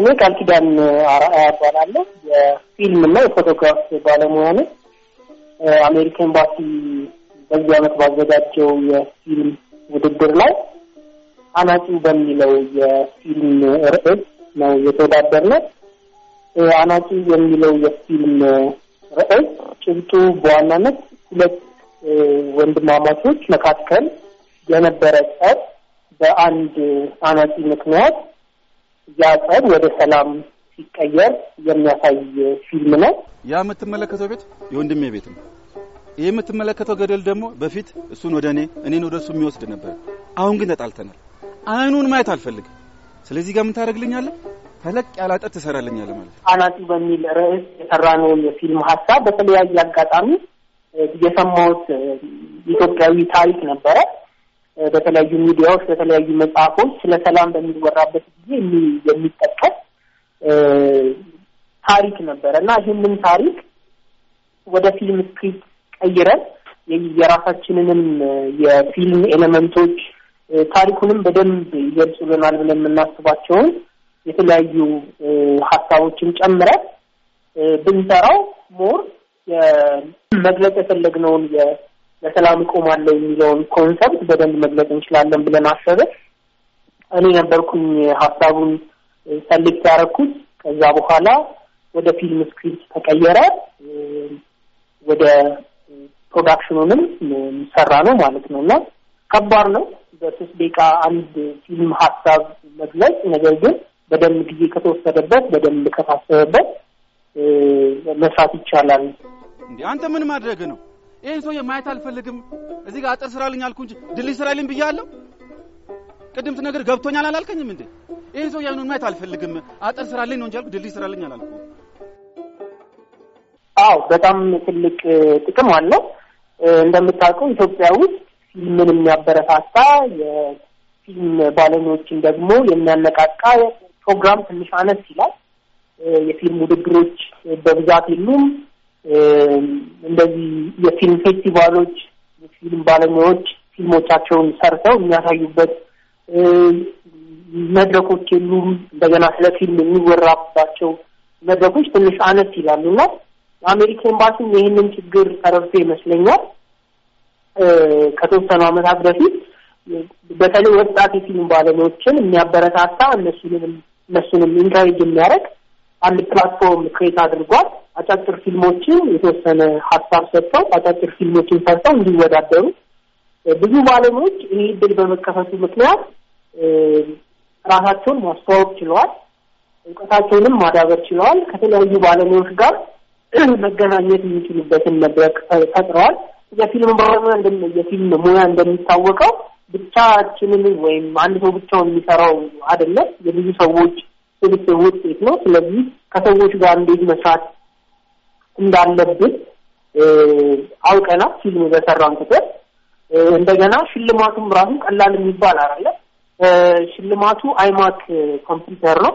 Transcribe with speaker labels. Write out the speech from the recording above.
Speaker 1: ስሜ ቃል ኪዳን አርአያ እባላለሁ። የፊልም እና የፎቶግራፍ ባለሙያ ነኝ። አሜሪካ ኤምባሲ በዚህ ዓመት ባዘጋጀው የፊልም ውድድር ላይ አናጭ በሚለው የፊልም ርዕስ ነው የተወዳደርነው። አናጩ የሚለው የፊልም ርዕስ ጭብጡ በዋናነት ሁለት ወንድማማቾች መካከል የነበረ ጸብ በአንድ አናጺ ምክንያት ያ ጸብ ወደ ሰላም ሲቀየር የሚያሳይ ፊልም ነው።
Speaker 2: ያ የምትመለከተው ቤት የወንድሜ ቤት ነው። ይህ የምትመለከተው ገደል ደግሞ በፊት እሱን ወደ እኔ እኔን ወደ እሱ የሚወስድ ነበር። አሁን ግን ተጣልተናል። አይኑን ማየት አልፈልግም። ስለዚህ ጋር ምን ታደርግልኛለህ? ተለቅ ያለ ትሰራልኛለ ትሰራልኛለህ ማለት
Speaker 1: ነው። አናጺ በሚል ርዕስ የሰራነውን የፊልም ሀሳብ በተለያየ አጋጣሚ የሰማሁት ኢትዮጵያዊ ታሪክ ነበረ። በተለያዩ ሚዲያዎች በተለያዩ መጽሐፎች ስለ ሰላም በሚወራበት ጊዜ የሚጠቀስ ታሪክ ነበረ እና ይህንን ታሪክ ወደ ፊልም ስክሪፕት ቀይረን የራሳችንንም የፊልም ኤሌመንቶች ታሪኩንም በደንብ ይገልጹልናል ብለን የምናስባቸውን የተለያዩ ሀሳቦችን ጨምረን ብንሰራው ሞር መግለጽ የፈለግነውን ለሰላም እቆማለሁ የሚለውን ኮንሰፕት በደንብ መግለጽ እንችላለን ብለን አሰበ። እኔ ነበርኩኝ ሀሳቡን ሰሌክት ያደረኩት። ከዛ በኋላ ወደ ፊልም ስክሪፕት ተቀየረ። ወደ ፕሮዳክሽኑንም ሰራ ነው ማለት ነው እና ከባድ ነው በሶስት ደቂቃ አንድ ፊልም ሀሳብ መግለጽ። ነገር ግን በደንብ ጊዜ ከተወሰደበት፣ በደንብ ከታሰበበት መስራት ይቻላል።
Speaker 2: እንዲ አንተ ምን ማድረግ ነው ይህን ሰውዬ ማየት አልፈልግም። እዚህ ጋር አጥር ስራልኝ አልኩ እንጂ ድልድይ ስራልኝ ብያለሁ። ቅድምት ነገር ገብቶኛል አላልከኝም እንዴ? ይህን ሰውዬ አይኑን ማየት አልፈልግም፣ አጥር ስራልኝ ነው እንጂ አልኩ፣ ድልድይ ስራልኝ አላልኩ።
Speaker 1: አዎ በጣም ትልቅ ጥቅም አለው። እንደምታውቀው ኢትዮጵያ ውስጥ ፊልምን የሚያበረታታ የፊልም ባለሙያዎችን ደግሞ የሚያነቃቃ ፕሮግራም ትንሽ አነስ ይላል። የፊልም ውድድሮች በብዛት የሉም። እንደዚህ የፊልም ፌስቲቫሎች የፊልም ባለሙያዎች ፊልሞቻቸውን ሰርተው የሚያሳዩበት መድረኮች የሉም። እንደገና ስለ ፊልም የሚወራባቸው መድረኮች ትንሽ አነስ ይላሉና የአሜሪካ ኤምባሲም ይህንን ችግር ተረድቶ ይመስለኛል ከተወሰኑ ዓመታት በፊት በተለይ ወጣት የፊልም ባለሙያዎችን የሚያበረታታ እነሱንም እነሱንም ኢንካሬጅ የሚያደርግ አንድ ፕላትፎርም ክሬት አድርጓል። አጫጭር ፊልሞችን የተወሰነ ሀሳብ ሰጥተው አጫጭር ፊልሞችን ሰርተው እንዲወዳደሩ ብዙ ባለሙያዎች ይህ እድል በመከፈቱ ምክንያት ራሳቸውን ማስተዋወቅ ችለዋል። እውቀታቸውንም ማዳበር ችለዋል። ከተለያዩ ባለሙያዎች ጋር መገናኘት የሚችሉበትን መድረክ ፈጥረዋል። የፊልም ባለሙያ የፊልም ሙያ እንደሚታወቀው ብቻችንን ወይም አንድ ሰው ብቻውን የሚሰራው አይደለም፣ የብዙ ሰዎች ስብስብ ውጤት ነው። ስለዚህ ከሰዎች ጋር እንዴት መስራት እንዳለብን አውቀናል። ፊልም በሰራን ቁጥር እንደገና ሽልማቱም ራሱ ቀላል የሚባል አይደለም። ሽልማቱ አይማክ ኮምፒውተር ነው።